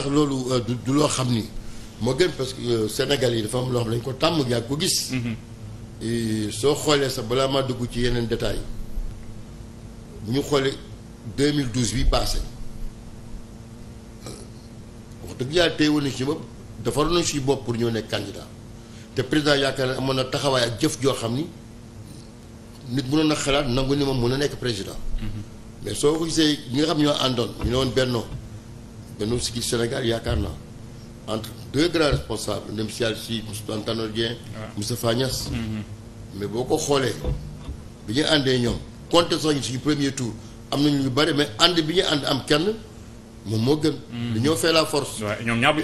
ndax loolu euh, du loo xam ni moo gën parce que euh, Sénégal yi dafa am loo xam ko tàmm yàgg ko gis. Mm-hmm. soo xoolee sax balaa maa dugg ci yeneen détails bu ñu xoolee 2012 bi passé euh, wax dëgg yàlla tey woon na ci bopp defar nañu pour ñëw nekk candidat te président yaakaar ne amoon na taxawaay ak jëf joo xam ni nit mënoon na xalaat nangu ni moom mën na nekk président. Mm-hmm. mais soo ko gisee ñi nga xam ñoo àndoon ñu ne woon bennoo. mais ñun si Sénégal yaakaar naa entre deux grands responsables ndem si yàlla si Ousmane Tanor Dieng. Mm-hmm. mais boo ko xoolee bi ñu àndee ñoom compté sax ñu suñu premier tour am na ñu bëri mais ànd bi ñu ànd am kenn moom moo gën. Mm-hmm. dañoo fay la force. waaw ñoom ñaar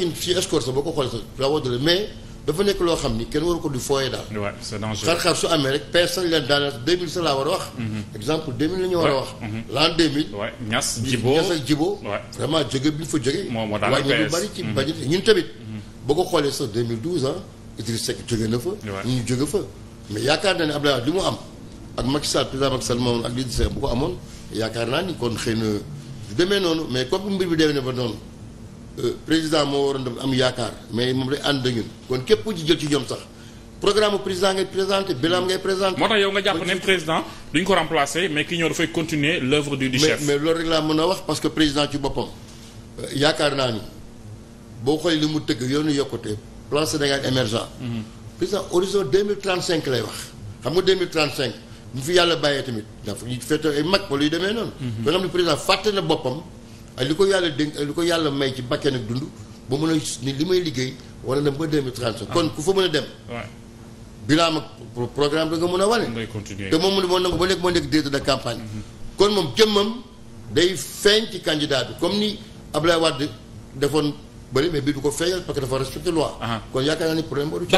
ñu si escorte sax boo ko xoolee sax rawatule mais. dafa nekk loo xam ni kenn waru ko du fooyee daal. waaw c'est dangereux xar-xar su amee rek personne la daanaka 2000 sa laa war a wax. Mm-hmm. exemple 2000 la ñu war a wax. Mm-hmm. l'an 2000. waay ñas jibo ñas ak jibo. vraiment jóge bi ñu fa jóge. moom moo daal ñu bari ci mm-hmm. budget ñun tamit. boo ko xoolee sax 2012 ah Idriss Seck jóge na fa. waay ñu jóge fa. mais yaakaar naa ne Abdoulaye Wade li mu am ak Macky Sall président Macky moom ak Idriss Seck bu ko amoon yaakaar naa ni kon xëy du demee noonu mais comme mbir bi demee na ba noonu. président moo waroon def am yaakaar mais moom day ànd ak kon képp ku ci jël ci ñoom sax programme président ngay présenté bilan ngay présenté. moo tax yow nga jàpp ne président duñ ko remplacer mais ki ñëw dafay continuer l'œuvre du du chef. mais mais loolu rek mën a wax parce que président ci boppam euh, yaakaar naa ni boo xoolee li mu tëgg yoonu yokkute plan Sénégal émergent. Mhm. président horizon deux mille trente cinq lay wax xam nga deux mille trente cinq mu fi yàlla bàyyee tamit dafa ñu fekk ay mag wala yu demee noonu. ba xam ne président fàtte na boppam. ak li ko yàlla dénk ak li ko yàlla may ci bakkeen ak dund ba mën a ni li may liggéey wala dem ba 2030 kon ku fa mën a dem bilan ak programme da nga a wane te moom na moo nangu ba nekk moo nekk directeur da campagne mm-hmm. kon moom jëmmam day feeñ ci candidat bi comme ni Abdoulaye Wade defoon bëri mais bii du ko feeñal parce que dafa respecté loi ah. kon yaakaar naa ni problème boobu